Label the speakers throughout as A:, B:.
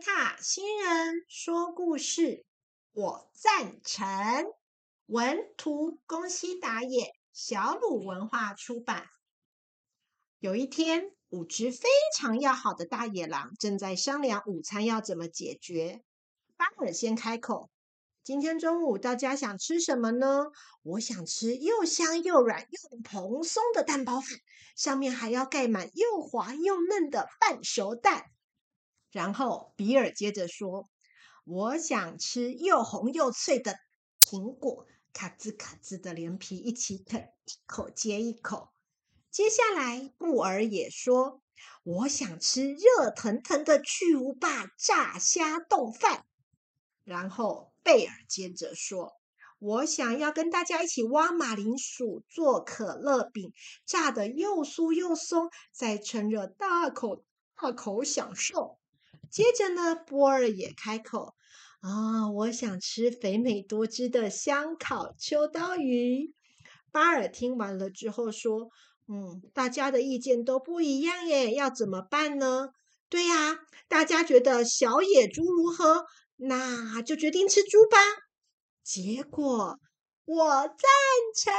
A: 卡，新人說故事，我贊成。文圖：宮西達也，小魯文化出版。有一天，五隻非常要好的大野狼正在商量午餐要怎麼解決。巴爾先開口：“今天中午大家想吃什麼呢？我想吃又香又軟又蓬鬆的蛋包飯，上面還要蓋滿又滑又嫩的半熟蛋。”然後比爾接着說：“我想吃又紅又脆的蘋果，卡滋卡滋的連皮一起啃，一口接一口。”接下來布爾也說：“我想吃熱騰騰的巨無霸炸蝦凍飯。”然後貝爾接着說：“我想要跟大家一起挖馬鈴薯做可樂餅，炸得又酥又鬆，再趁熱大口大口享受。”接着呢，波爾也開口：“啊，我想吃肥美多汁的香烤秋刀魚。”巴爾聽完了之後說：“嗯，大家的意見都不一樣耶，要怎麼辦呢？”“對呀，大家覺得小野豬如何？那就決定吃豬吧。”結果，我贊成！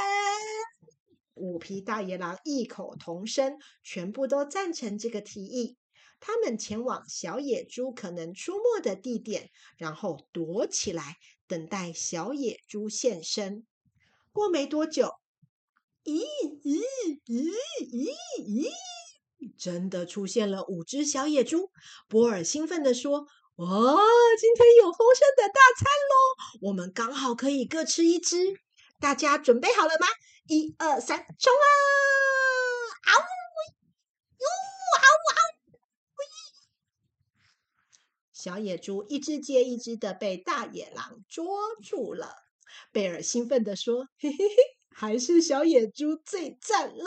A: 五匹大野狼異口同聲，全部都贊成這個提議。他們前往小野豬可能出沒的地點，然後躲起來，等待小野豬現身。過沒多久，咦咦咦咦咦,咦！真的出現了五只小野豬！波爾興奮地說：“哇、哦，今天有豐盛的大餐咯，我們剛好可以各吃一只。大家準備好了嗎？一二三，衝啊！嗷、啊、嗚，喲，嗷、啊、嗚，嗷、啊、嗚！”小野豬一隻接一隻的被大野狼捉住了。貝爾興奮地說：“嘿嘿嘿，還是小野豬最贊了，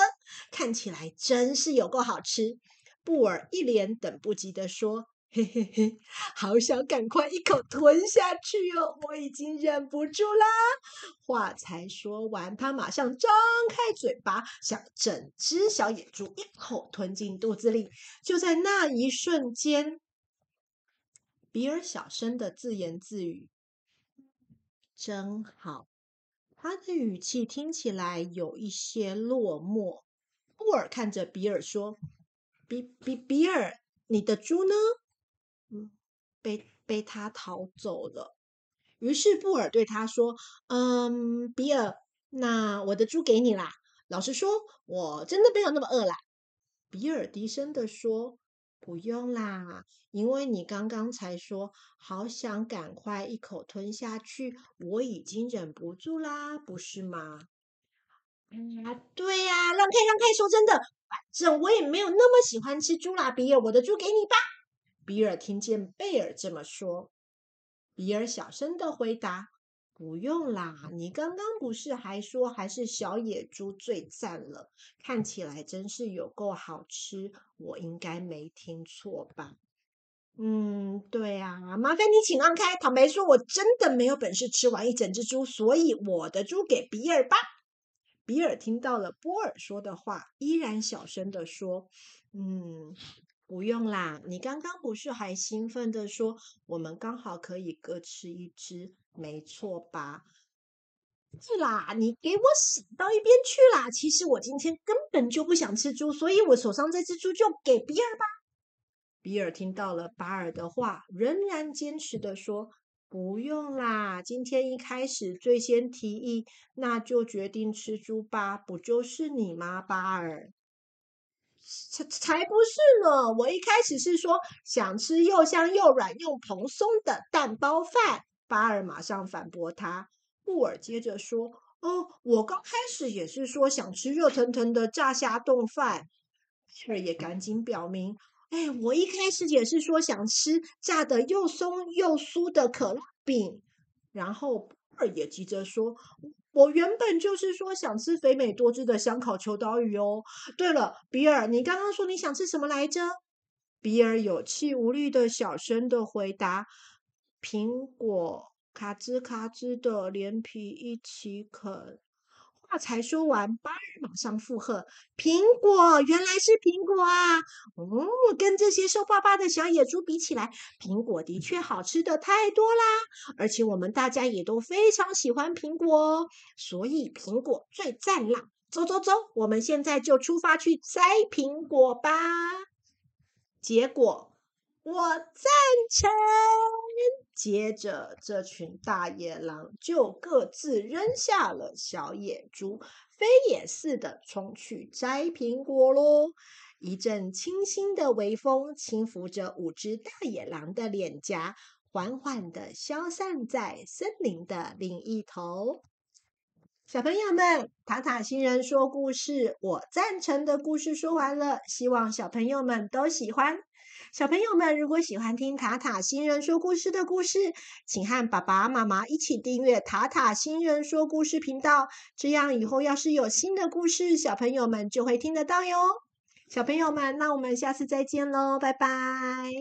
A: 看起來真是有夠好吃。”布爾一臉等不及地說：“嘿嘿嘿，好想趕快一口吞下去喲，我已經忍不住啦！”話才說完，他馬上張開嘴巴，想整隻小野豬一口吞進肚子裡。就在那一瞬間。比爾小聲的自言自語：“真好。”他的語氣聽起來有一些落寞。布爾看着比爾說：“比比比爾，你的豬呢？”“嗯，被被他逃走了。”於是布爾對他說：“嗯，比爾，那我的豬給你啦。老實說，我真的沒有那麼餓啦。”比爾低聲的說。不用啦，因為你剛剛才說好想趕快一口吞下去，我已經忍不住啦，不是嗎？嗯、啊，對呀、啊，讓開讓開！說真的，反正我也沒有那麼喜歡吃豬啦。比爾，我的豬給你吧。比爾聽見貝爾這麼說，比爾小聲地回答。不用啦，你剛剛不是還說還是小野豬最讚了？看起來真是有夠好吃，我應該沒聽錯吧？嗯，對呀、啊，麻煩你請讓開。坦白說，我真的沒有本事吃完一整隻豬，所以我的豬給比爾吧。比爾聽到了波爾說的話，依然小聲的說，嗯。不用啦，你剛剛不是還興奮的說我們剛好可以各吃一隻，沒錯吧？是啦，你給我死到一邊去啦！其實我今天根本就不想吃豬，所以我手上這隻豬就給比爾吧。比爾聽到了巴爾的話，仍然堅持的說，不用啦，今天一開始最先提議，那就決定吃豬吧，不就是你嗎，巴爾？才才不是呢！我一開始是說想吃又香又軟又蓬鬆的蛋包飯。巴爾馬上反駁他，布爾接着說：“哦，我剛開始也是說想吃熱騰騰的炸蝦丼飯。”希爾也趕緊表明：“哎、欸，我一開始也是說想吃炸得又鬆又酥的可樂餅。”然後爾也急着說我原本就是說想吃肥美多汁的香烤秋刀魚哦。對了，比爾，你剛剛說你想吃什麼來着？比爾有氣無力的小聲的回答：“蘋果，咔吱咔吱的連皮一起啃。”話才說完，巴爾馬上附和：“蘋果原來是蘋果啊！哦，跟這些瘦巴巴的小野豬比起來，蘋果的確好吃的太多啦！而且我們大家也都非常喜歡蘋果哦，所以蘋果最讚啦！走走走，我們現在就出發去摘蘋果吧！結果我贊成。”接着，這群大野狼就各自扔下了小野豬，飛也似的衝去摘蘋果嘍。一陣清新的微風輕拂着五只大野狼的臉頰，緩緩的消散在森林的另一頭。小朋友們，塔塔星人說故事，我贊成的故事說完了，希望小朋友們都喜歡。小朋友們，如果喜歡聽塔塔星人說故事的故事，請和爸爸媽媽一起訂閱塔塔星人說故事頻道，這樣以後要是有新的故事，小朋友們就會聽得到喲。小朋友們，那我們下次再見嘍，拜拜。